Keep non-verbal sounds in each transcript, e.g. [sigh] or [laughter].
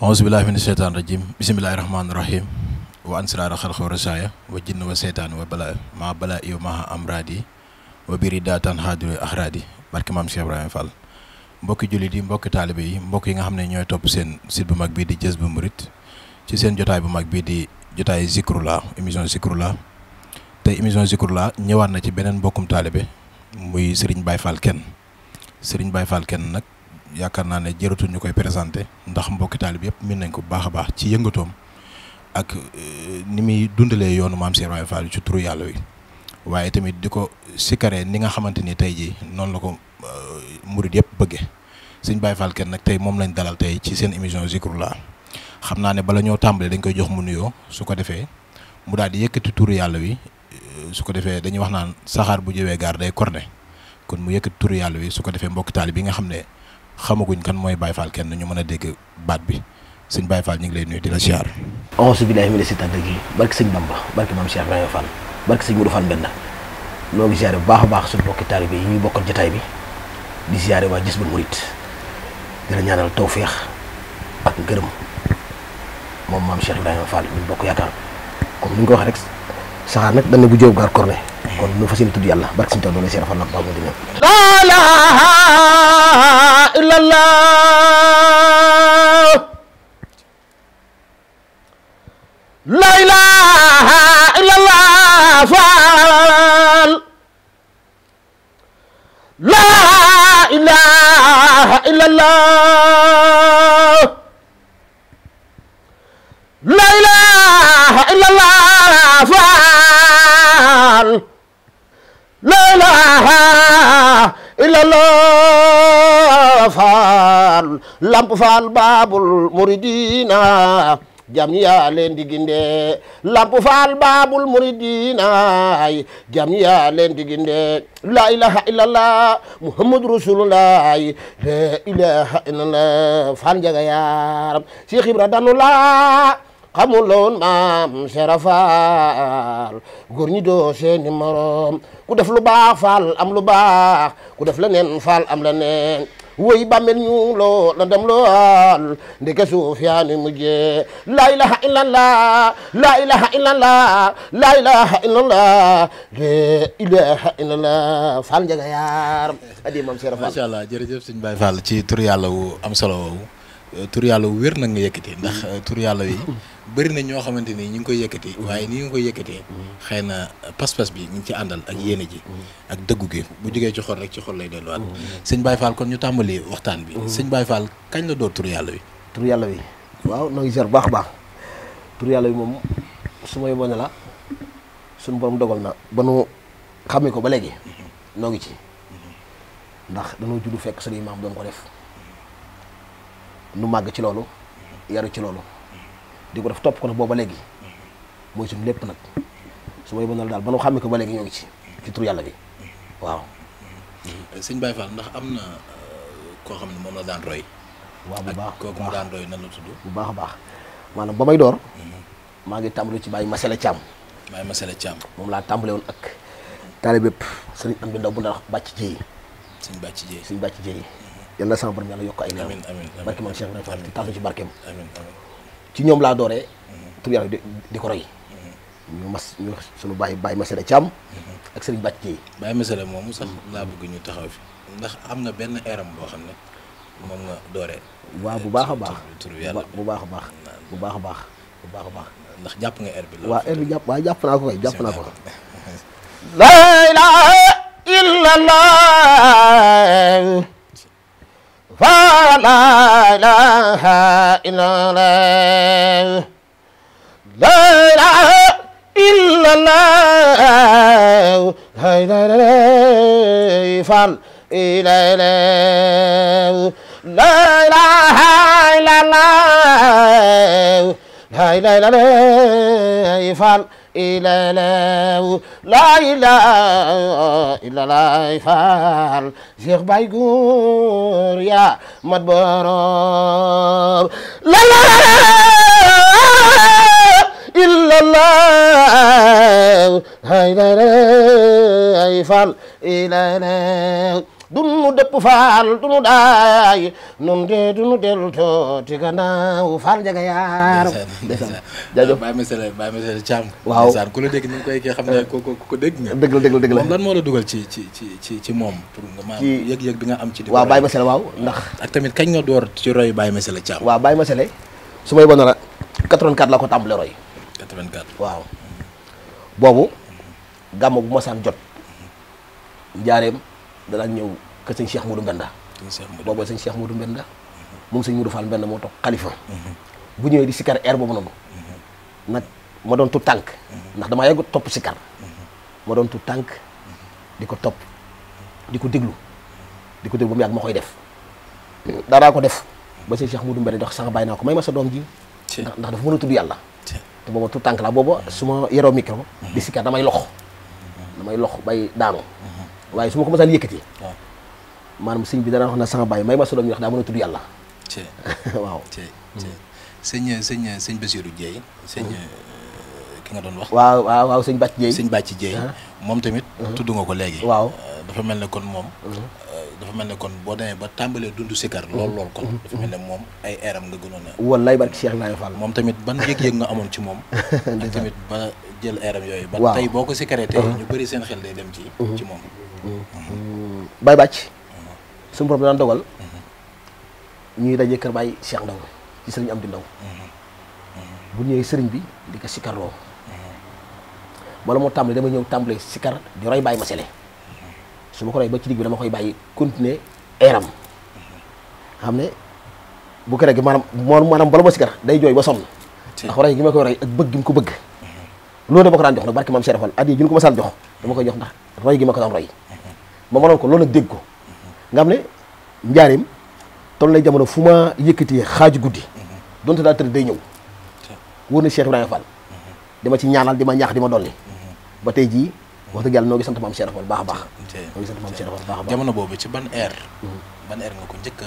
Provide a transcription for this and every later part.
auzu billahi mina sheytaan rajim bisimilahi rahmaani rahim wa ansiraara xalqa wa rasaaya wa jinn wa seytaan wa bala maa bala iyo maha amradi wa biri daatan haadiro ahradi barke maam Cheikh Ibrahima Fall mbokki jullit yi mbokki taalibe yi mbokk yi nga xam ne ñooy topp seen site bu mag bii di Jazboul Mouride ci seen jotaay bu mag bii di jotaay Zikroulah émission Zikroulah tey émission Zikroulah ñëwaat na ci beneen mbokkum taalibe muy Serigne Baye Fall Kene Serigne Baye Fall Kene yaakaar naa ne jërëtul ñu koy présenté ndax mbokki taalib yëpp min nañ ko bu baax a baax ci yëngatoom ak euh, ni muy dundalee yoonu maam Cheikh Ibrahima Fall ci turu yàlla wi waaye tamit di ko sikaree ni nga xamante ni tey jii noonu la ko euh, murid yëpp bëggee sëñ Baye Fall kenn nag tey moom lañ dalal tey ci seen émission Zikroulah xam naa ne bala ñoo tàmbalee dañ koy jox mu nuyoo su ko defee mu daal di yëkkati turu yàlla wi euh, su ko defee dañuy wax naan saxaar bu jëwee gaar day korne kon mu yëkkati turu yàlla wi su ko defee mbokki bi nga xam ne xamaguñ kan moy Baye Fall kenn ñu mëna dégg baat bi sëñ Baye Fall ñi ngi lay nuyu dila ziar on su billahi minas seytaani degi barke sëñ Bamba barke mam Cheikh baye Fall barke sëñ Modou Fall benna noo ngi ziaré baax baax su bokki talibé yi ñuy bokkal jotaay bi di ziaré wa Jazbul Mouride di ñaanal tawféex ak gërem mom mam Cheikh baye Fall ñu bokk yaakaar comme ñu ko wax rek saxaar nag dana bu jóob gaar korne kon nu fas yéene tudd yàlla barke suñu taw doole seera fan la baax mu dina la illa allah la ilaha illallah faal la ilaha illa allah la ilaha illallah faal la ilaha illallah faal lamp faal baabul muridina jam yaa leen faal baabul muridina jam yaa la ilaha illallah muhammad rasulullah la ilaha faal njaga yaaram Cheikh Ibra danu xamuloon maam serafaal góor ñi doo seeni morom ku def lu baax faal am lu baax ku def leneen faal am leneen woy bàmmeel ñu loo la dem lool ndeke suuf yaa ni mujjee laa ilaha illallah laa ilaha illallah ilaha illallah laa ilaha faal njaga yaar maam serafaal macha ci tur am solo Euh, tur yàlla wu wér nag nga yëkkati ndax euh, tur yàlla wi bari na ñoo xamante ni ñu ngi koy yëkkati mm-hmm. waaye ni nga koy yëkkatee mm-hmm. xëy na pas-pas bi ñu ci àndal ak yéene ji mm-hmm. ak dëggu gi bu jógee ci xool rek ci xool lay delluwaat sëñ Baye Fall kon ñu tàmbali waxtaan bi sëñ Baye Fall kañ la door tur yàlla wi tur yàlla wi waaw noo ngi seer baax baax tur yàlla bi moom su may mën la suñ borom dogal na ba nu xamee ko ba léegi noo ngi ci ndax dañoo juddu fekk suñuy maam doon ko def nu màgg ci loolu yaru ci loolu di ko def topp ko nag booba léegi mooy suñu lépp nag su ma yëgoon daal ba nu xàmmee ko ba léegi ñoo ci ci tur yàlla bi waaw. sëñ Baye Fall ndax am na euh, koo xam ne moom la daan roy. waaw bu baax kooku ma daan roy na la tudd. bu baax a baax maanaam ba may door. Mhm. maa ngi tàmbali ci Baye Masele Thiam. Baye Masele Thiam. moom laa tàmbale woon ak. taalibe bépp sëriñ am bi ndaw bu ndax bàcc jéey. sëñ bàcc jéey sëñ bàcc jéey. yalla sama borom yalla yok ay leer amiin amiin barke moom Cheikh Ibrahima Fall tax ci barkeem amiin amiin ci ñom la dooree mhm. tur yalla di ko roy mhm. ñu mas ñu suñu baye bàyyi masala cham mhm. ak sëriñ bacci baye bàyyi masala moomu sax la bëgg ñu taxaw fi ndax amna benn eram bo xamne mom nga dooree wa bu baax a baax bu baaxa baax bu baaxa baax bu baaxa baax ndax japp nga erbi bi waaw er bi jàpp waaw jàpp ko kay japp na ko [laughs] la ilaha illallah فلا إله إلا الله لا إله إلا الله لا إله فال إلا الله لا إله إلا الله لا إله إلا الله فال ilaalaw laa ilaaha illallaay faal Cheikh Baye Góor yaa mat boroom laa ilaaha illallaay faal ilaalaw dunu dëpp faal dunu daay nun de dunu to tigana u faal jaga yaar jaajëf bàyyi ma sele bàyyi cham sele waaw saan ku la dégg ni koy ke xamne ko ko ko deg nga dëgg la dëgg la lan mo la duggal ci ci ci ci ci mom pour nga ma yeg yeg bi nga am ci di waaw bàyyi ma sele waaw ndax ak tamit kagn nga door ci roy bàyyi ma cham waaw bàyyi ma su may 84 la ko tambal roy 84 waaw bobu gamu bu ma san jot ndiarem da danaan ñew ke sëñ Cheikh Modou benda booba sëñ Cheikh Modou benda mhm. moom sëñ Modou Fall benda mo tok khalifa mhm. bu ñewé di sikar air bobu noonu mhm. nak ma don tu tank ndax dama yegg top sikar ma don tu tank diko top diko deglu diko deglu di ko déglu ma koy def dara ko def ba sëñ Cheikh Modou benda dox sax bayna ko may ma sa dom ji ndax dafa mëna tuddu yalla yàlla te booba tu tank la booba suma yero micro di sikar damay lox damay lox bay daanoo waaye su ma ko mosaan yëkkati maanaam sëñ bi dana wax na sama bàyyi ma sa doom ñu wax daa mën a tudd yàlla ci [laughs] ci sëñ sëñ sëñ Bassirou Dieye sëñ mhm. eh, ki nga doon wax waaw waaw waaw sëñ Bàcc Dieye sëñ Bàcc Dieye ah. moom tamit mhm. tudd nga ko léegi waaw eh, dafa mel ne kon moom mhm. eh, dafa mel ne kon boo demee ba tàmbalee dund sikar lool lool kon dafa mel ne moom ay eeram nga gënoon a wallaay ba Cheikh Ibrahima Fall moom tamit ban yëg-yëg nga amoon ci moom [laughs] tamit ba jël eeram yooyu ba tey boo ko sikaree tey uh-huh. ñu bari seen xel day dem ci uh-huh. ci moom Baye Bàcc suñu borom daan dogal ñuy dajee kër Baye Cheikh Ndaw ci sëriñ Amdi Ndaw bu ñëwee sëriñ bi di ko sikarloo bala moo tàmbali dama ñëw tàmbali sikar di roy Baye Masele su ma ko roy ba ci digg bi dama koy bàyyi continuer eeram xam ne bu ko rek moo maanaam bala ma sikar day jooy ba sonn ndax roy gi ma koy roy ak bëgg gi mu ko bëgg loolu dama ko daan jox nag barke maam Cheikh Fall addi ju ñu ko masaan jox dama koy jox na roy gi ma ko daan roy ma ko loolu nag dégg ko nga xam ne njaareem toll nay jamono fu ma yëkkatee xaaj guddi donte daa tëdd day ñëw wóor na Cheikh Ibrahima Fall dama ci ñaanal di ma ñaax di ma dolli ba tey jii wax dëgg yàlla noo ngi sant maam Cheikh Fall baax baax noo ngi a jamono boobu ci ban air mm-hmm. ban air nga ko njëkk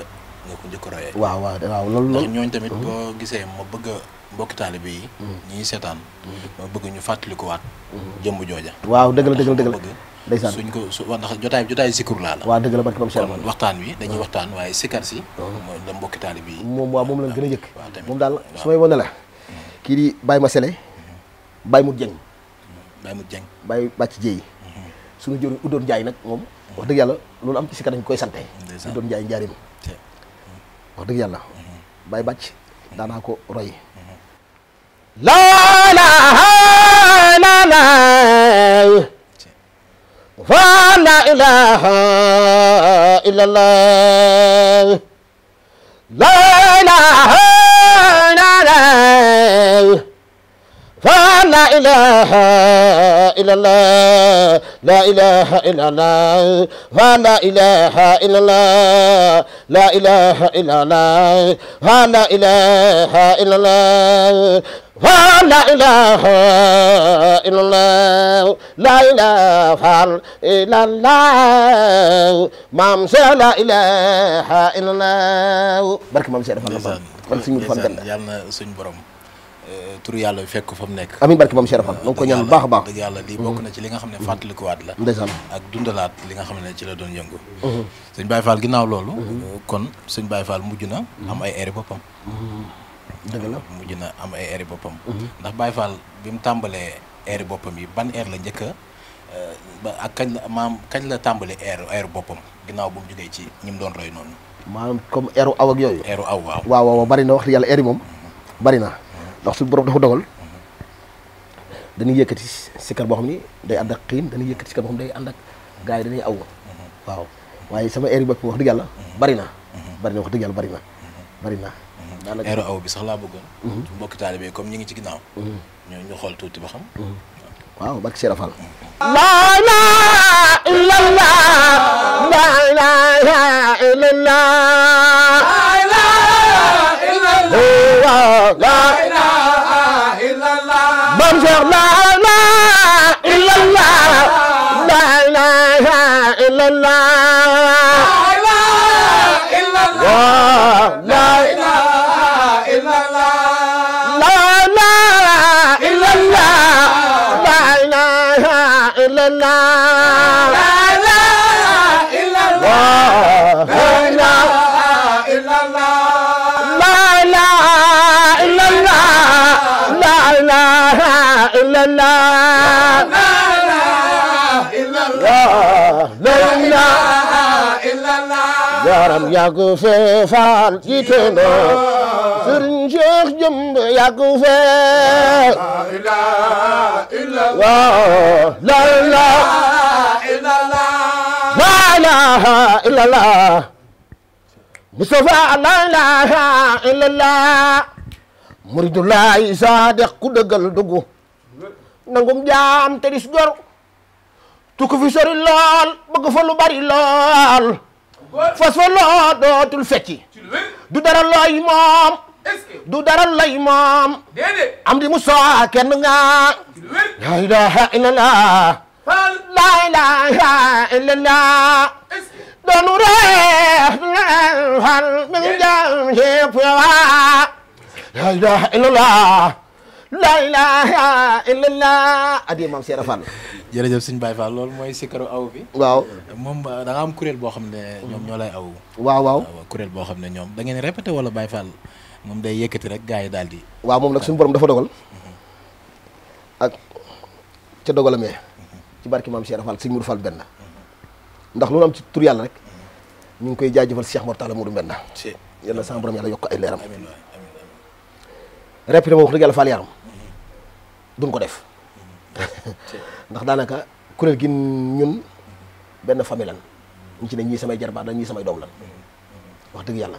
nga ko njëkk royee waaw waaw waaw loolu loolu ñooñu tamit mm-hmm. boo gisee ma bëgg mbokki taalibe yi mm. ñii seetaan mm. ma bëgg ñu fàttalikuwaat mm. jëmb jooja waaw dëgg la dëgg la dëgg la ndeysaan suñ ko su ndax jotaay jotaay sikkur laa la waaw dëgg la barke Mame Cheikh kon waxtaan wi dañuy waxtaan waaye sikkar si mooy la mbokki taalibe yi moom waaw moom lañ gën a yëkk moom daal su may wane la kii di Baye ma sele Baye mut jeng Baye mut jeng Baye bàcc jéey mm-hmm. suñu jëriñ Udoon Njaay nag moom wax dëgg yàlla loolu am ci sikkar dañ koy sante Udoon Njaay njaarim wax dëgg yàlla mm-hmm. Baye bàcc mm-hmm. daanaa ko roy لا لا لا لا ولا إله إلا الله لا لا لا لا فلا إله إلا الله لا إله إلا الله فلا إله إلا الله لا إله إلا الله فلا إله إلا الله لا إله إلا الله لا إله إلا الله ما مسا لا إله إلا الله برك اله مسا رفع الله يالنا اله برم تري يالا اله فم نك أمين اله ما مسا رفع اله كنيان باخ باخ اله لي بوك نجي اله خم نفات لك واد لا اله أك دون دلات اله خم نجي لدون يانغو سن باي فال جناو لولو اه، كون سن باي فال موجنا هم أي إيربا بام dëgg la mujj na am ay aires boppam. Mhm. ndax Baye Fall bi mu tàmbalee aires boppam yi ban aire la njëkk a euh, ba ak kañ la maam kañ la tàmbali air aire boppam ginnaaw bu mu jógee ci ñi mu doon roy noonu. maanaam comme aire aw ak yooyu. aire aw waaw bari na wax yàlla aire yi moom mhm. bari na ndax suñu borom dafa dogal. Mhm. dañuy yëkkati sikar boo xam day ànd xiin dañuy yëkkati sikar boo xam day ànd ak gars yi aw waaw waaye sama aire yi bopp wax dëgg yàlla bari na bari na wax dëgg yàlla bari na bari na aéro aw bi sax laa bëggoon. Mhm. mbokki taalibe comme ñi ngi ci ginnaaw. Mhm. ñu ñu xool tuuti ba xam. Mhm. waaw barke Cheikh Fall. laa ilaaha illallaah laa ilaaha illallaah. laa ilaaha illallaah. Maam Cheikh laa ilaaha illallaah laa ilaaha illallaah. yaram yàgg fee faal ci teena sëriñ Cheikh jëmb yàgg fee la ilaha illallah la ilaha illallah لا إله إلا الله مصطفى لا إله إلا الله ku dëggal dugg nangum jaam te dis gor tukki fi lool bëgg fa bari lool fas fa dootul fecci du dara looy moom du dara lay moom am di mu soo kenn nga la ilaha illallah la ilaha illallah doonu reef fal mi ngi jam ci puyawa la ilaha illallah la ilaha illallah adi maam Seera Fall jërëjëf suñu Baye Fall loolu mooy sikkaru aw bi waaw moom euh, da nga am kuréel boo xam ne ñoom ñoo lay aw waaw waaw kuréel boo xam ne ñoom da ngeen répété wala Baye Fall moom day yëkkati rek gars yi daal di waaw moom nag suñu borom dafa dogal ak ca dogalamee ci barki maam Cheikh Fall sëñ Modou Fall benn ndax loolu am ci tur yàlla rek ñu ngi koy jaajëfal Cheikh Mortala Modou benn yal na sama borom yàlla yokk ay leeram répété ma wax ko def [laughs] ndax daanaka kuréel gi ñun benn famille lan ñu ci ne ñii samay jarbaat la ñii samay doom lan wax dëgg yàlla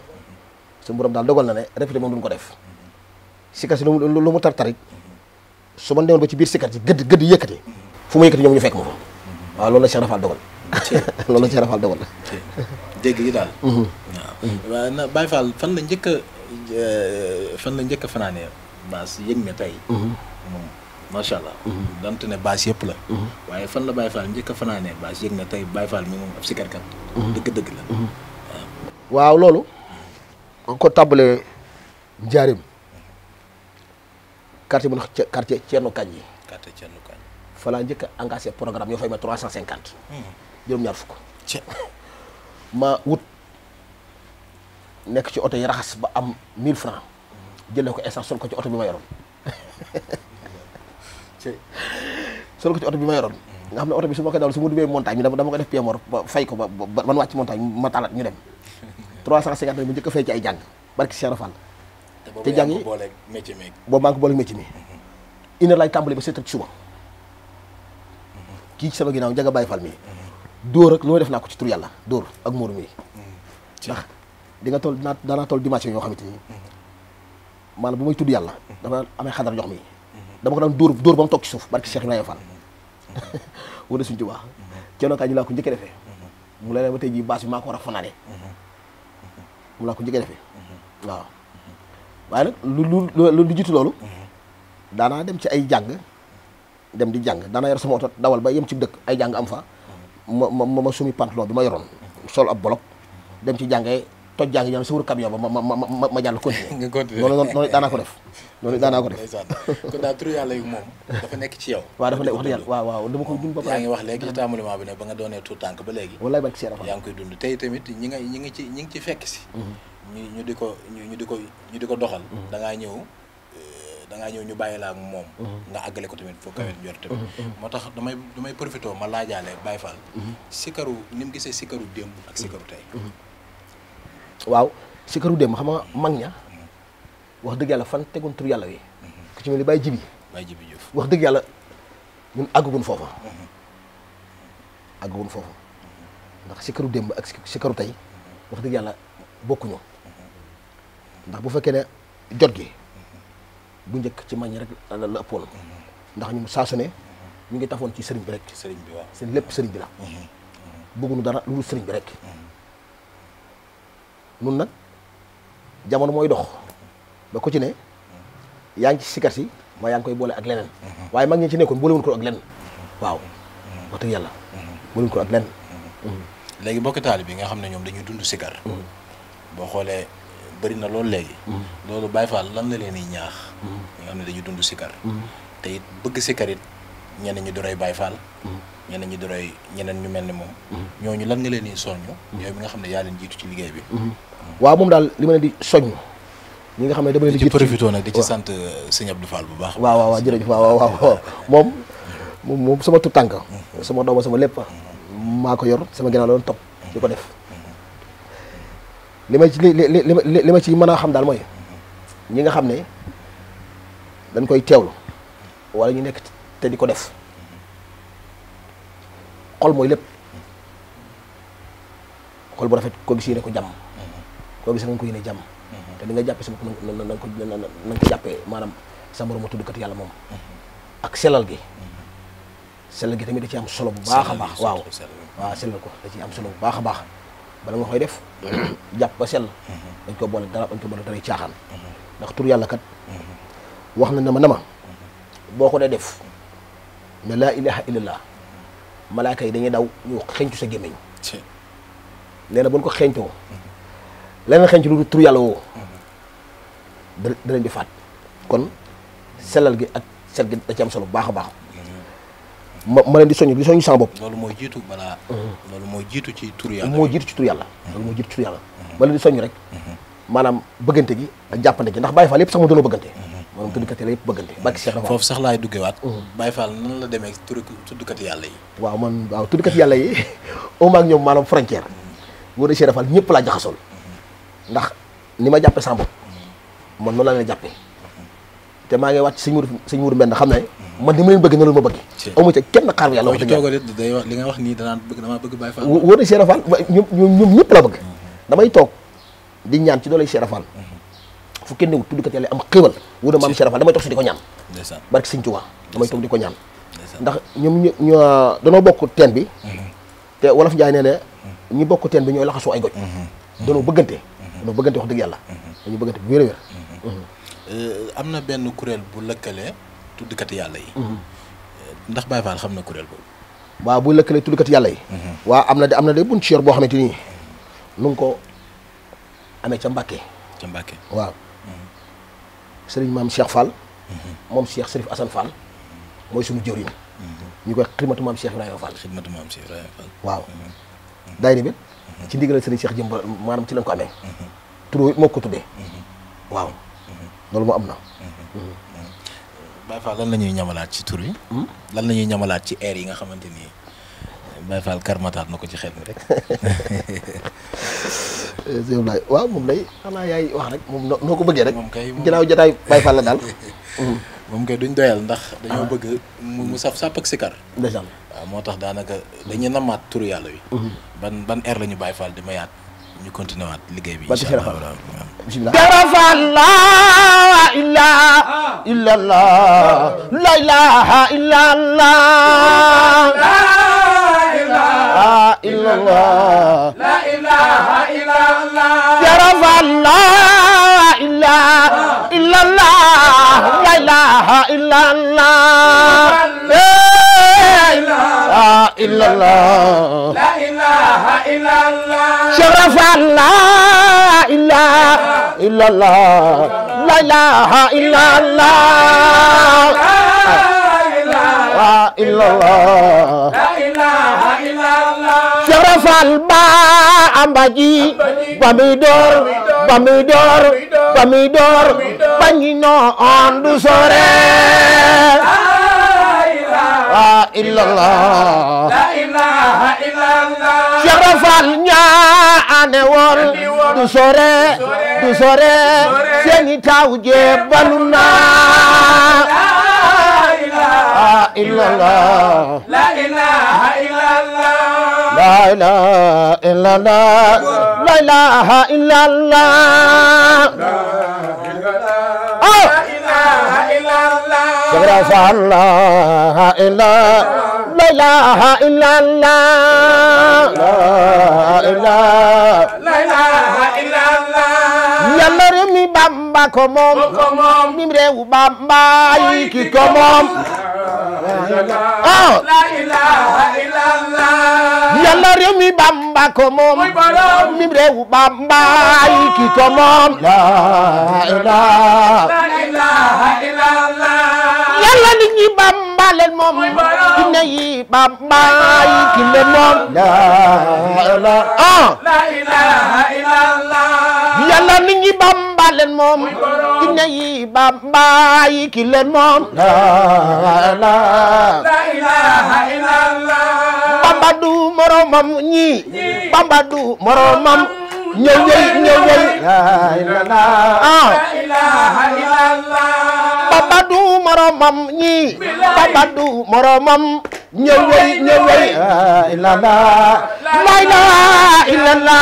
su borom daal dogal na ne répété moom duñ ko def si kasi lu mu lu mu tartarit su ma newoon ba ci biir sikkat yi gëdd gëdd yëkkati fu mu yëkkati ñoom ñu fekk ma waaw loolu la Cheikh Rafal dogal [laughs] loolu la Cheikh Rafal dogal la dégg yi daal mhm. waaw njëkk a euh, la njëkk a fanaanee baas yëg mhm. mhm. a fanaanee baas yëg ne tey Baye Fall loolu nga ko tàmbalee quartier bu quartier Thierno Kandji quartier fala laa engagé programme yo fay ma 350. juróom-ñaar ci ma wut nek ci auto yi raxas ba am 1000 francs jëlee ko essence sol ko ci auto bi ma [laughs] ci sol ko ci auto bi ma yoron nga xam auto bi suma ko koy dawal su ma duggee montagne bi dama ko def PMR ba fay ko ba ba man wàcc montagne ma talat ñu dem. 350 [laughs] mu njëkk fay ci ay jang barki Cheikh rafal te jang métier mi yi boobu métier mi. ina mm-hmm. lay laay ba sept ci suba. kii ci sama ginnaaw njaga bàyyi fal mi dóor ak lu may def naa ko ci tur yàlla dóor ak móoru mi sax di nga toll dinaa daanaa toll dimension yoo xamante ni maanaam bu may tudd yàlla dama amee xadar jox mi dama ko daan dóor ba mu toog ci suuf barki Cheikh Ibrahima Fall [laughs] wala suñu ci baax ceenookaa ñu laa ko njëkkee defee mu lay ba tey jii baas bi maa ko war a fanaane mu laa ko njëkkee defee waaw waaye nag lu lu lu jiitu loolu daanaa dem ci ay jàng dem di jang dana yar sama oto dawal ba yem ci dekk ay jang am fa ma ma ma sumi pantalon bima yoron sol ab blok dem ci jangay toj jang yam suur camion ba ma ma ma ma ma jàll non [laughs] nga continuer noonu ko def. non dana ko def. ko da tru yalla yu mom dafa nek ci yow. wa dafa nek wax yalla wa wa dama ko dund ba pare. ngi wax léegi ci taamulement bi ne ba nga doné tout tank ba léegi. wallahi bak Seera Fall yaa koy dund tay tamit ñi nga ñi ngi ci ñi ngi ci fekk ci mm-hmm. ñu ñu di ñu diko ñu diko doxal. Mm-hmm. da nga ñew dangaa ñëw ñu bàyyi laa moom. Mhm. nga àggale ko tamit foo kawe mhm. jot tamit. Mhm. moo tax damay damay profité ma laajaale Baye Fall. sikaru ni mu gisee sikaru démb ak sikaru tey. waaw sikaru démb mag ña wax dëgg fan teguñ yàlla wi. ku ci mel ni Baye wax dëgg yàlla ñun àggaguñ foofa. àggaguñ foofa ndax sikaru démb ak sikaru tey wax dëgg yàlla bokkuñu ndax bu fekkee ne jot gi. bu njëkk ci mag ñi rek la ëppoon ndax ñu saa su ñu ngi tafoon ci sëriñ bi rek sëriñ bi waaw seen lépp sëriñ bi la mhm. Mhm. bëgguñu dara lu dul sëriñ bi rek mhm. nun nag jamono mooy dox ba ko ci ne yaa ngi ci sikar si ma yaa ngi koy boole ak leneen waaye mag ñi ci nekkoon boolewuñu ko ak leneen waaw wax dëgg yàlla boolewuñu ko ak leneen léegi bokki taali bi nga xam ne ñoom dañuy dund sikar boo xoolee bari na loolu léegi loolu Baye Fall lan la leen di ñaax ñi nga dund sikar mm-hmm. te it bëgg sikar it ñeneen ñu doroy Baay Faal mm-hmm. ñu doroy ñeneen ñu mel ni moom mm-hmm. ñooñu lan leen di soññ yooyu mi nga xam ne yaa leen jiitu ci liggéey waaw moom daal li ma di soññ ñi nga xam ne dama ci profité di ci sant euh, sëñ Abdou Fall bu baax waaw waaw waaw jërëjëf waaw waaw moom moom moom sama tànk sama dooma sama lépp maa ko yor sama ginnaaw loolu topp di ko def li ma ci li li li ma ci mën a xam daal mooy ñi nga xam ne dañ koy tewlu wala ñu nekk té diko def xol moy lepp xol bu rafet ko gis yéene ko jam ko gis nga ko yene jam té di nga jàppe sama nang ko nang ko jappé manam sama borom tuddu kat yalla mom ak selal gi selal gi tamit ci am solo bu baaxa baax waaw wa selal ko ci am solo bu baax a baax bala nga koy def japp ba sel mhm. dañ ko boole dara dañ ko boole dara xaan ndax tur yalla kat mhm wax na ne ma ne ma boo def na la ilaha illallah malaika yi dañuy daw ñu xëñtu sa gemeñ nee na bu ko xencoo leneen xëñtu lu tur yalla wo da da di faat kon selal gi ak sel gi da ci am solo baax baax ma ma leen di soñu di soñu sa bop lolu moy jitu bala lolu moy jitu ci tur yalla moy jitu ci tur yalla lolu moy jitu ci tur yalla ma leen di soñu rek manam bëggante gi ak jàppante gi ndax baye fa lepp sax mu doon bëggante manam maanaam tuddkat yàlla yëpp bëggante bàkki Cheikh Rafa foofu sax duggé wat mm. bay Fall nan la demee tuddu kat yalla yi waaw man waaw tuddu kat yalla yi o mak ñom manam frontière mm. wóor de Cheikh Rafa ñëpp la jaxasool mm. ndax ni ma jàppe sama man non la lay jappé té ma ngi wàcc sëñ Mour sëñ Mour Mbène xam man ni leen bëgg na lu ma bëggee amu ci kenn xaar yalla wax yàlla wax day wax li nga wax ni da danaan bëgg dama bëgg bay Fall wóor de Cheikh Rafa ñom ñom ñëpp la bëgg mm-hmm. damay tok di ñaan ci dolay Cheikh Rafa fu kenn wut tuddikat yàlla am xéewal wuna mam Cheikh Fall damay toog konyam, di ko ñaan barke Sëñ Tuubaa damay toog di ñaan mhm. ndax ñoom ñu danoo bokk bi te wolof Njaay nee ne ñi bokk teen bi ñooy laxasoo ay goj danoo bëggante danoo bëggante wax dëgg yàlla dañu bëggante bu wér a wér mhm. mhm. eh, am na benn kuréel bu lëkkale tuddikat yàlla yi eh, ndax Baye Fall xam na de amna de buñ ci yor boo xamante nu sëriñ maam Cheikh Fall moom Cheikh Serif Assane Fall mooy suñu jëriñ mhm. ñu koy xidmatu maam Cheikh Ibrahima Fall xidmatu maam waaw mhm. daayira bi mhm. ci ndigalal sëriñ Cheikh Jëmb maanaam ci lañ ko amee turo moo ko tuddee waaw loolu moo am na Baye Fall lan la ñuy ñamalaat ci tur yi hmm? lan nañuy ñuy ñamalaat ci air yi nga xamante nii Baye Fall karmataat na ko ci xel mi rek. [laughs] sëñ Ablaye waaw moom day xanaa yaay wax rek moom noo ko bëggee rek. moom kay ginnaaw jotaay Baye Fall la daal. [laughs] moom kay duñ doyal ndax. dañoo bëgg mu saf sàpp ak sikar. ndeysaan moo tax daanaka dañuy namaat turu yàlla wi. Mhm. ban ban heure la ñu Baye Fall di mayaat ñu continué waat liggéey bi. incha allah bisimilah. ilaha ah. illallah la ilaha illallah إله إلا الله لا إله إلا الله يا رب الله إله إلا الله لا إله إلا الله لا إله إلا الله لا إله إلا الله شرف الله إله إلا الله لا إله إلا الله لا إله إلا الله Cheikh Fall ba amba ji ba muy door ba muy door ba muy door ba ñu noon du la illallah la ilaha illallah Cheikh Fall ñaane la ilaha la لا إله إلا الله لا إله إلا الله لا إله إلا الله لا إله إلا الله لا إله إلا الله يلا رمي بامبا كموم ميم ريو بامبا يكي كموم ah la ilaha illallah yàlla réew mi bamba ko moom mi réew bamba ki ko moom la ilaha illallah yàlla nit ñi Bamba leen moom jinne yi Bamba ah! yi ki leen moom la la la ilaha illallah yàlla nit ñi Bamba leen moom jinne yi Bamba yi ki leen moom la la ah! la ilaha illallah Bamba du moromam ñi Bamba du moromam ñëw ñëw ñëw ñëw la ilaha illallah babadu moromam ñi babadu moromam ñëw way la la la la la la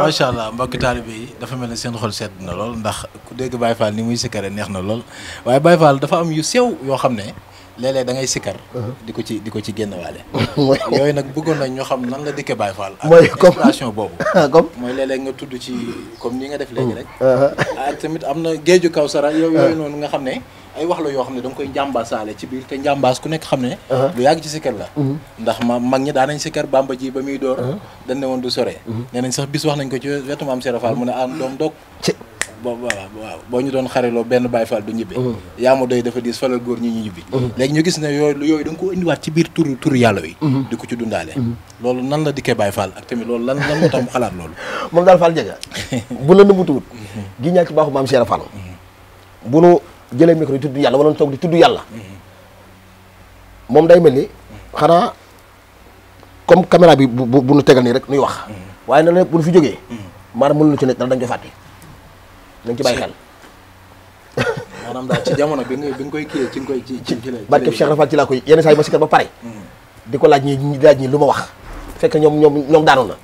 ma sha allah mbokki taalibe yi dafa melni ne seen xol set na lol ndax ku deg Baye Fall ni muy sikkare neex na lol waye Baye Fall dafa am yu sew yo xamne léeg-léeg da ngay sikkar. Uh-huh. di ko ci di ko ci génn waale. [laughs] mooy [laughs] yooyu nag bëggoon nañ ñoo xam nan la dikkee Baye Fall. mooy comme inspiration [laughs] ah, mooy léeg nga tudd ci comme ni nga def léegi uh-huh. rek. Uh-huh. Ah, tamit am na géeju Kawsara yow yooyu noonu nga xam ne. ay wax la yoo xam ne danga nga koy njàmbaasaale ci biir te njàmbaas ku nekk xam ne. lu yàgg ci sikkar la. ndax ma mag ñi daan nañ sikkar bàmba ji ba muy door. dañ ne woon du sore. nee nañ sax bis wax nañ ko ci wetu maam Serap Fall mu ne ah doom dog boo waaw boo ñu doon xareloo benn Baye Fall du ñibbi mm-hmm. yaa ma doy dafa diis falal góor ñi ñu ñibbi mm-hmm. léegi ñu gis ne yooyu yooyu da nga ko indiwaat ci biir tur tur yàlla wi mm-hmm. di ko ci dundaale loolu nan la dikkee Baye Fall ak tamit loolu lan lan moo tax mu xalaat loolu [laughs] moom daal Fall jega bu la nëbbu tuut gi ñàkk baaxu maam Cheikh Fall bu nu jëlee toog di tudd yàlla moom day mel ni xanaa comme caméra bi bu bu nu tegal nii rek nuy wax waaye na la bu nu fi jógee maanaam mënu ci ne dara dañ ko fàtte nañ ci bàyyi xel. [laughs] maanaam jamono bi nga koy nga koy ci ci lay. barke Cheikh Rafal ci laa koy yenn saa yi ma sikkar ba pare. Mm. di ko laaj ñi laaj ñi lu ma wax. fekk ñoom ñoom ñoom daanoon na.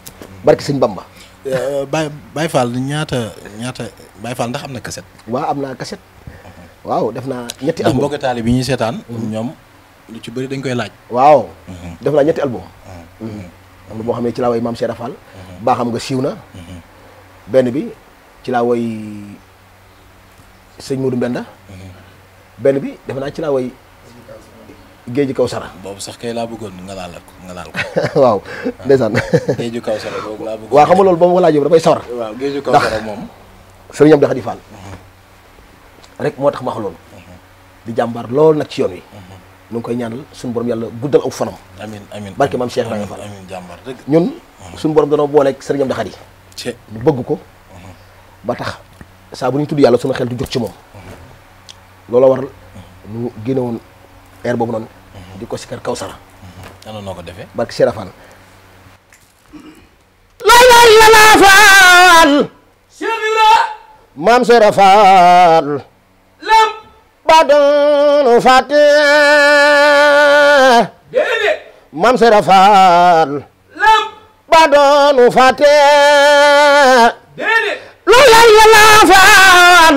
barke sëñ Bamba. Euh, Baye Baye Fall ñaata ñaata Baye Fall ndax am na kaset. waaw am naa kaset. waaw def naa ñetti album mbokk taali bi ñuy seetaan. Mm-hmm. ñoom lu ci bëri dañ koy laaj. waaw. Mm-hmm. def naa ñetti album. am mm-hmm. na boo xam ne ci laa way maam Cheikh Rafal. nga siiw na. benn bi. ci laa woy sëñ Modou Mbenda. Mhm. benn bi defe naa ci laa woy géeju kaw sara boobu sax kay laa bëggoon nga laal ko nga laal ko. [laughs] waaw ndeysaan. [laughs] géeju kaw sara boobu laa bëggoon. waaw xam nga loolu ba mu ko laajee dafay sawar. moom ndax sëriñam di di faal. rek moo tax ma wax loolu. Mhm. di jàmbaar loolu nag ci yoon wi. Mhm. ñu ngi koy ñaanal suñu borom yàlla guddal aw fanam. amiin amiin barke maam Cheikh Ibrahima Fall. amiin jàmbaar dëgg ñun suñu borom danoo booleeg sëriñam dafa di. ñu bëgg ko. ba tax saa bu ñu tudd yàlla sunu xel du jóg ci moom loola war ñu génne woon air boobu noonu di ko sikkar Kawsara anoon noo ko defee a serafan faal lam badon fàtte déedéet lu lay laafaan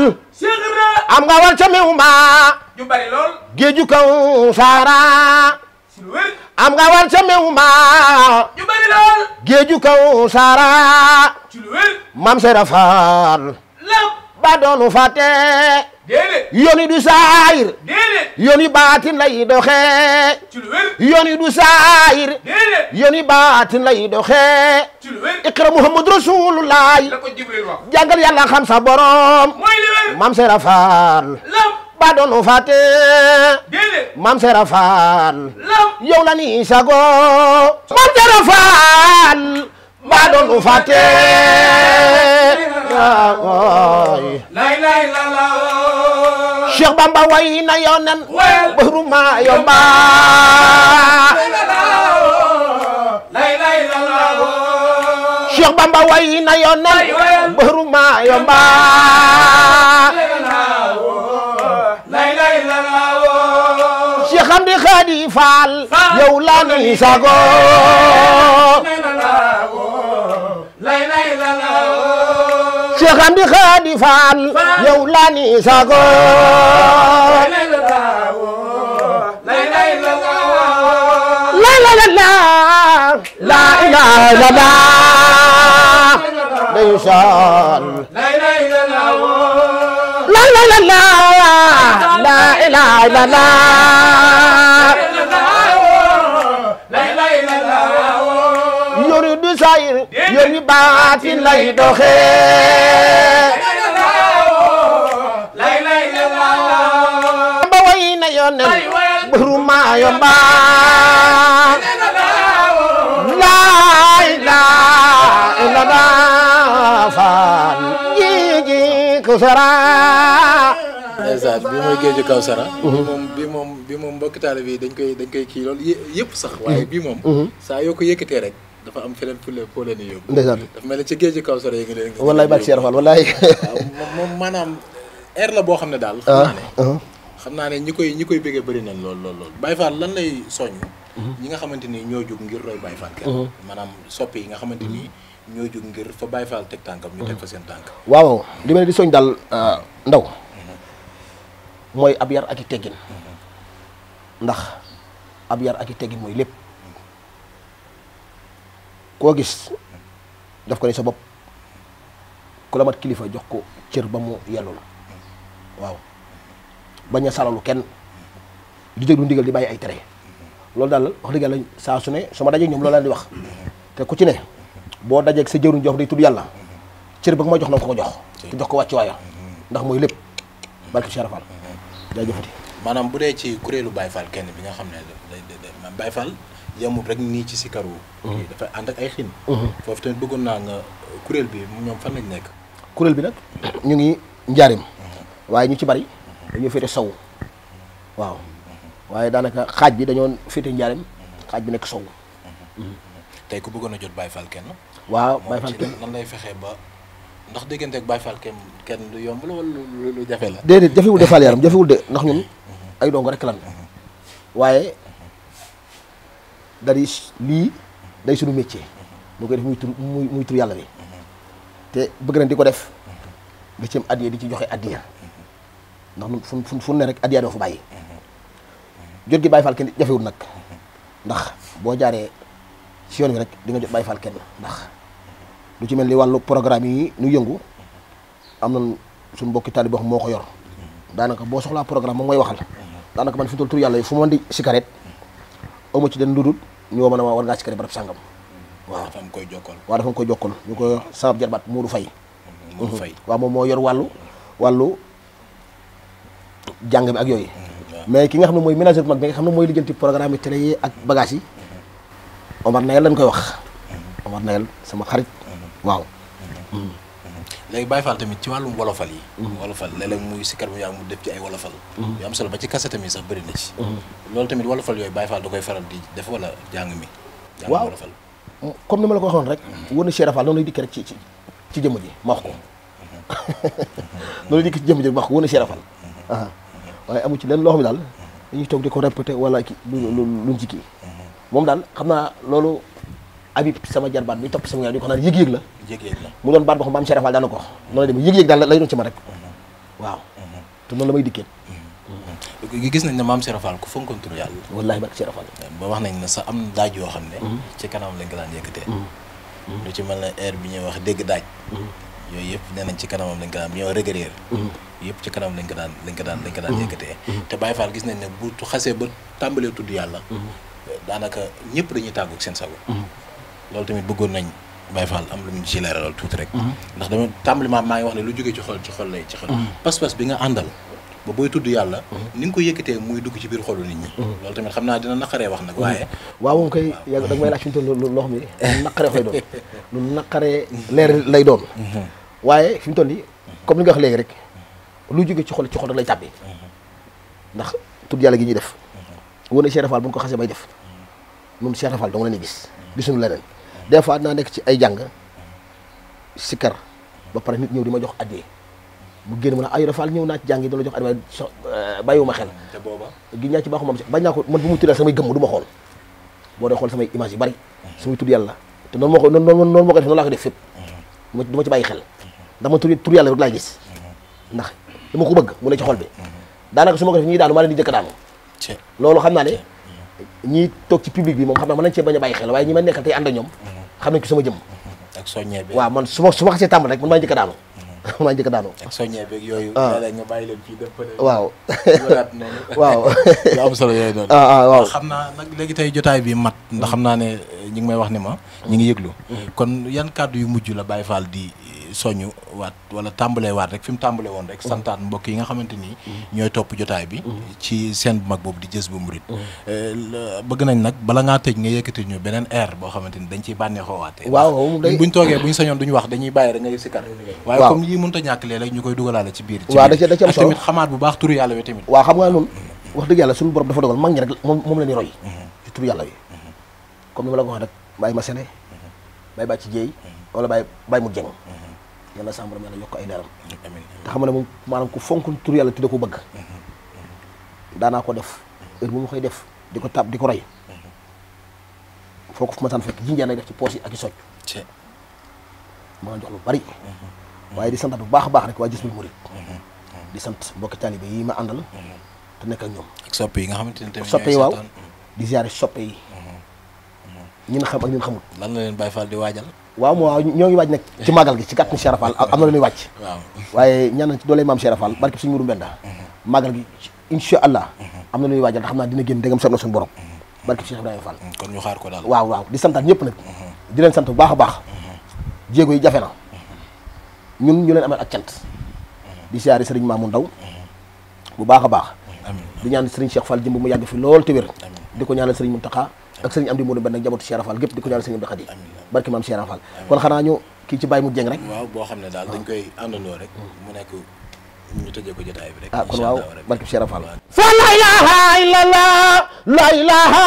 am nga war kaw am nga war ca miw mbaa ju bari lool saara mam sera faal ba doonu fàtte yooni du saayir yooni baatin lay doxe yooni du saayir yooni baatin lay doxe iqra muhammad rasulullahi jàngal yàlla xam sa mam sera faal ba doonu fàtte mam sera faal yow la ni sago mam sera faal badol fate lay lay la la Cheikh Bamba way na yonen baruma yomba lay lay la Bamba way na yonen baruma yomba lay lay la la Cheikh Amdi yow la ni Cheikh Amdi Khady Fall yow laa ni sago la ilaha illallah ndeysaan la ilaha illallah la ilaha illallah mbiri baatin lay doxee buruma yomba lay lay la dafan jiji kusara bi mooy géeju Kawsara moom bi moom bi moom mbokki taalibe yi dañ koy dañ koy kii loolu yëpp sax waaye bi moom saa yoo ko yëkkatee rek dafa am feneen fule foo leen di yóbbu. ndeysaan dafa mel ni ci géej gi kaw sore yi nga leen. wallaay bàcc Cheikh Fall wallaay. [laughs] Ah, moom maanaam air la boo xam ne daal. Ah, ah. xam naa ne ñi koy ñi koy bëggee bëri nañ lool lool lool. Baye lan lay soññ. Mhm. ñi nga xamante ni ñoo jóg ngir roy Baye Fall kenn. Mhm. yi nga xamante ni mhm. ñoo jóg ngir fa Baye Fall teg tànkam. ñu teg fa seen tànk. waaw li ma di soñ daal euh, ndaw mooy ab yar ak i teggin ndax ab yar ak i teggin mooy lépp. ko gis daf ko ni sa bop ku la mat kilifa jox ko cieur ba mu yellu la waaw baña salalu ken di deglu ndigal di baye ay tere lol dal wax dëgg yàlla sa suné sama dajé ñom lol ñoom di wax té ku ci né bo dajé ak sa jëruñ jox di tud yalla cieur ba ko ma jox na ko jox te jox ko waccu waya ndax moy lepp barki sharafal Fall jëfati manam bu dee ci kurelu Baye Fall kenn bi nga xamné Baye Fall yemul rek nii ci sikaru. Mhm. kii dafay ànd ak ay xiin. Mhm. foofu tamit bëggoon naa nga kuréel bi ñoom fan lañ nekk. kuréel bi nag ñu ngi njaarim mhm. waaye ñu ci bari dañoo féete sow waaw waaye daanaka xaaj bi dañoo féete njaarim xaaj bi nekk sow. tey ku bëggoon a jot bay Fall kenn. waaw Baye Fall kenn nan lay fexee ba. ndax déggante ak Baye Fall kenn kenn du yomb la wala lu jafe la. déedéet jafewul de Fall yaram jafewul de ndax ñun ay dong rek lan waaye. dari li dari sunu suñu métier ñu koy def muy tur muy muy tur yalla ni te bëgg na diko def da ci am adiya di ci joxe adiya ndax nu fu fu ne rek adiya do fu bàyyi jot gi bàyyi faal kenn jafewul nak ndax bo jaaree ci yoon wi rek di nga jot bàyyi faal kenn ndax lu ci melni walu programme yi nu yëngu am na suñu mbokki talib wax moko yor danaka bo soxla programme mo ngoy waxal danaka man fi tur yalla yi fu mo di cigarette amu ci den dudut ñu woo ma ne ma war ngaa ci kër barab sàngam waaw dafa koy jokkoon waaw dafa am koy jokkoon ñu koy sabab jarbaat Modou Faye Modou Faye mhm. waaw moom moo yor wàllu wàllu jàng bi ak yooyu mhm, mais ki nga xam ne mooy ménagère bu mag bi nga xam ne mooy lijjanti programme yi télé yi ak mhm. bagage yi Omar Nayel lañ koy wax Omar Nayel sama xarit waaw léegi Baye Fall tamit ci wàllum wolofal yi mhm. wolofal léeg-léeg muy si kar mu yaa mu def ci ay wolofal mhm. yu am solo ba ci kaset mi sax bëri na ci mhm. loolu tamit wolofal yooyu Baye Fall da koy faral di def wala jàng mi jàng comme ni ma la ko waxoon rek wër na ko noonu [laughs] lay dikk ci jëmm ji ma waaye amu ci lenn loo xam ne daal dañuy toog di ko répété wala ki lu lu luñ ci kii moom daal xam naa loolu Habib sama jarbaat bi topp sama yaay di ko naan yëg-yëg la yëg-yëg la mu doon baat boo xam maam Cheikh mm-hmm. Mm-hmm. Mm-hmm. gis nañ ne maam Cheikh Fall ku fonkoon tur yàlla wallaahi barke Cheikh Fall ba sa am daaj yoo xam ne ci kanam lañ ko daan yëkkatee lu ci mel ne bi ñuy wax dégg daaj yooyu yëpp nee nañ ci kanamam lañ ko daan ñoo yëpp ci kanam lañ ko daan lañ ko daan lañ ko daan yëkkatee te Baye Fall gis nañ ne bu xasee ba tàmbalee tudd yàlla daanaka ñëpp dañuy tàggu seen sago loolu tamit bëggoon nañ Baye Fall am lu mu ci leeralal tuuti rek. Mhm. ndax dama tàmbali maa ngi wax ne lu jógee ci xol ci xol lay ci xol. Mhm. pas-pas bi nga àndal. ba booy tudd yàlla. Mhm. ni nga muy dugg ci biir xolu nit ñi. loolu tamit xam naa dina naqaree wax nag waaye. waaw moom koy yàgg da nga may laaj fi mu toll loo xam ne lu [laughs] naqaree doon lu waaye fi mu toll nii comme li wax léegi rek lu jógee ci xol ci xol lay tàbbi. ndax tudd yàlla gi ñuy def. wala Cheikh Rafal bu ñu ko xasee bay def. moom Cheikh Rafal dong la ñuy gis. gisuñu leneen. des fois dinaa nekk ci ay jàng sikar ba pare nit ñëw di ma jox addee mu génn mu ne ay rafal ñëw naa ci jàng yi dala jox addee so eh, bàyyiwuma xel te booba ñaa ci baaxu mam si bañ naa ko mu tuddee samay gëmm du ma xool boo dee xool samay image yu bari samay yàlla te noonu moo ko noonu noonu moo ko def noonu ko def fépp du ma ci xel ndax man tur yàlla rek laay gis ndax dama ko bëgg mu ne ci xol bi daanaka su ma ko def ñuy daanu maa leen di jëkk daanu loolu xam naa ne ñi toog ci public bi moom xam naa mën nañ cee bañ a bàyyi xel waaye ñi ma nekkal tey ànd ak ñoom xam nañ ko sama jëm mm-hmm. bi waaw man su ma su ma xasee tàmbal rek man maa njëkk daanu man mm-hmm. [laughs] maa njëkk daanu ak soññee bi yooyu ah. léeg-léeg nga bàyyi leen fii def waaw [laughs] waaw [laughs] yu ah, ah, xam naa nag léegi tey jotaay bi mat ndax xam naa ne ñi ngi may wax ni ma mm-hmm. ñi ngi yëglu kon yan kàddu yu mujj la Baye Fall di soñu waat wala tàmbalee waat rek fi mu woon rek mm-hmm. santaat mbokk yi nga xamante ni mm-hmm. ñooy topp jotaay bi mm-hmm. ci seen bu mag boobu di Jazbou Mouride euh, bëgg nañ nag bala ngaa tëj nga yëkkati ñu beneen air boo xamante ni dañ ciy bànneexoo waatee waaw buñ toogee buñ sañoon duñu wax dañuy bàyyi rek nga waaye comme yi mënta ñàkk léeg-léeg ñu koy dugalaale ci biir da da ci am solo tamit xamaat bu baax turu yàlla wi tamit waaw xam nga noonu wax dëgg yàlla suñu borom dafa dogal mag ñi rek moom moom la ñuy roy ci turu yàlla sa borom yàlla yokk ay daram te xam ne moom maanaam ku fonk tur yàlla te da ko bëgg daanaa ko def heure bu ma koy def di ko tab di ko rey foo ko fu ma saan fekk jinjaan lay def ci poos yi ak i socc maa jox lu bari waaye di santaat bu baax a baax rek waa gis murid di sant mbokki taalibe yi ma àndal te nekk ak ñoom soppe yi nga xamante ne tamit soppe yi waaw di ziare soppe yi mhm. mhm. ñun xam ak ñun xamul lan la leen Baye Fall di waajal waaw moo waaw ñoo ngi waaj nag ci màggal gi ci kàttanu Cheikh Fall am na lu ñuy wàcc waaye ñaan nañ ci doole maam Cheikh Fall barke suñu muru mbenda mhm. màggal gi incha allah mhm. am na lu ñuy xam naa dina génn dégam sab na borom mhm. barke Cheikh Ibrahima Fall ñu xaar ko daal waaw waaw di santaat ñëpp nag di leen sant bu baax a baax jéego yi jafe na ñun ñu leen amal ak cant di siyaare sëriñ Mamoun Ndaw bu baax a baax di ñaan sëriñ Cheikh Fall jëmb mu yàgg fi lool te wér di ko ñaanal sëriñ Mountakha ak sëriñ Amdi Modou Mbène nag jabatu Cheikh Rafal gépp di ko ñaanal sëriñ Abdou Khadi barki maam Cheikh Rafal kon mu waaw boo xam ne daal dañ ah. koy àndandoo rek mu nekk ñu tëjee ko jotaay bi rek ah kon waaw barki Cheikh Rafal fa la ilaha illallah la ilaha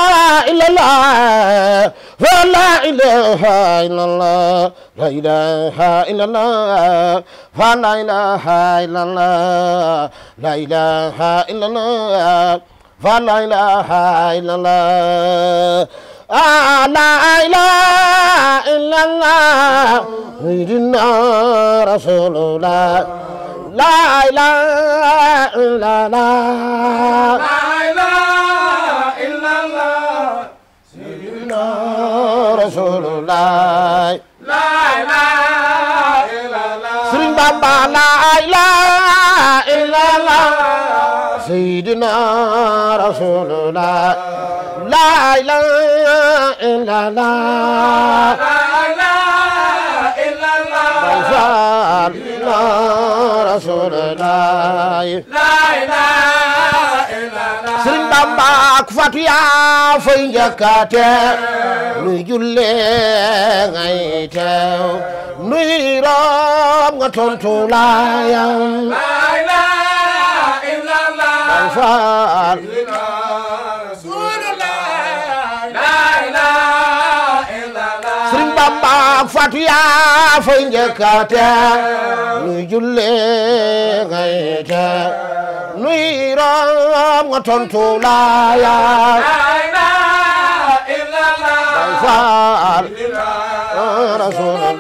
illallah fa la ilaha illallah la la ilaha illallah فلا إله إلا الله آه لا إله إلا الله سيدنا رسول الله لا إله إلا الله لا إله إلا الله سيدنا رسول الله لا إله bamba la ilaha illallah sayyidina rasulullah la ilaha illallah sayyidina rasulullah la ilaha illallah Serigne Bamba ku fatu yaa fay njëkk a teew lu julle ngay teew nuy ram nga tontu laayam la ilaha illallah faal Sëriñ Bamba fatu yaa fay njëkka teer nuy julle ngay teer nuy ram nga tontu laayam la ilaha illallah faal rasul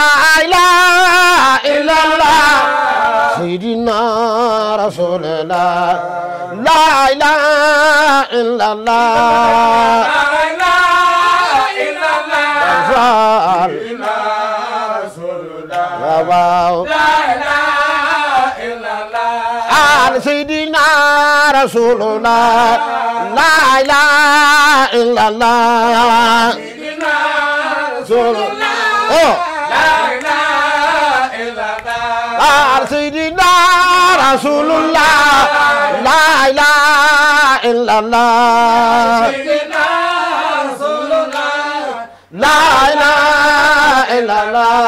لا إله إلا الله سيدنا رسول الله لا إله إلا الله لا إله إلا الله سيدنا رسول الله لا إله إلا الله سيدنا رسول الله لا إله إلا الله سيدنا رسول الله على سيدنا رسول الله لا إله إلا الله سيدنا رسول الله لا إله إلا الله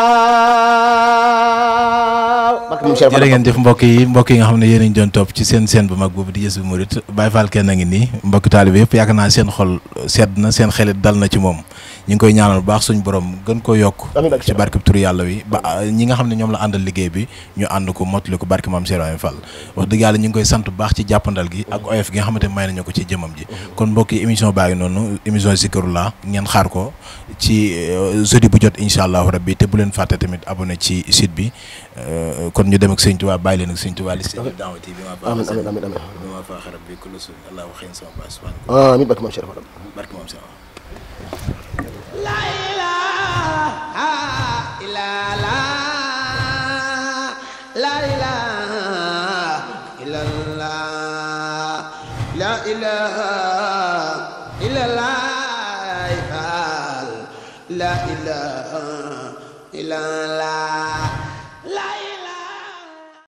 jërë ngeen jëf mbokk yi mbokk yi nga xam ne yéen a ngi doon topp ci seen seen bu mag boobu di Jazboul Mouride Baye Fall kenn a ngi nii mbokk taalibe yëpp yaakaar naa seen xol sedd na seen xelit dal na ci moom ñu ngi koy ñaanal bu baax suñ borom gën ko yokk ci barkeb turu yàlla wi ba ah, ñi nga xam ne ñoom la àndal liggéey bi ñu ànd ko mottali ko barke maam Serigne Fall wax dëgg yàlla ñu ngi koy sant bu baax ci jàppandal gi ak oyof gi nga xamante may ko ci jëmam ji mhm. kon mbokk yi baa ngi noonu émission Zikroulah ngeen xaar ko ci euh, jeudi bu ci site bi euh, kon ñu dem ak sëñ Tuubaa leen ak sëñ Tuubaa li si daaw ti bi ma baax amiin amiin amiin bi ma baax rabbi kullu sun allah waxeen sama baax subhanahu amiin barke la ilaha illallah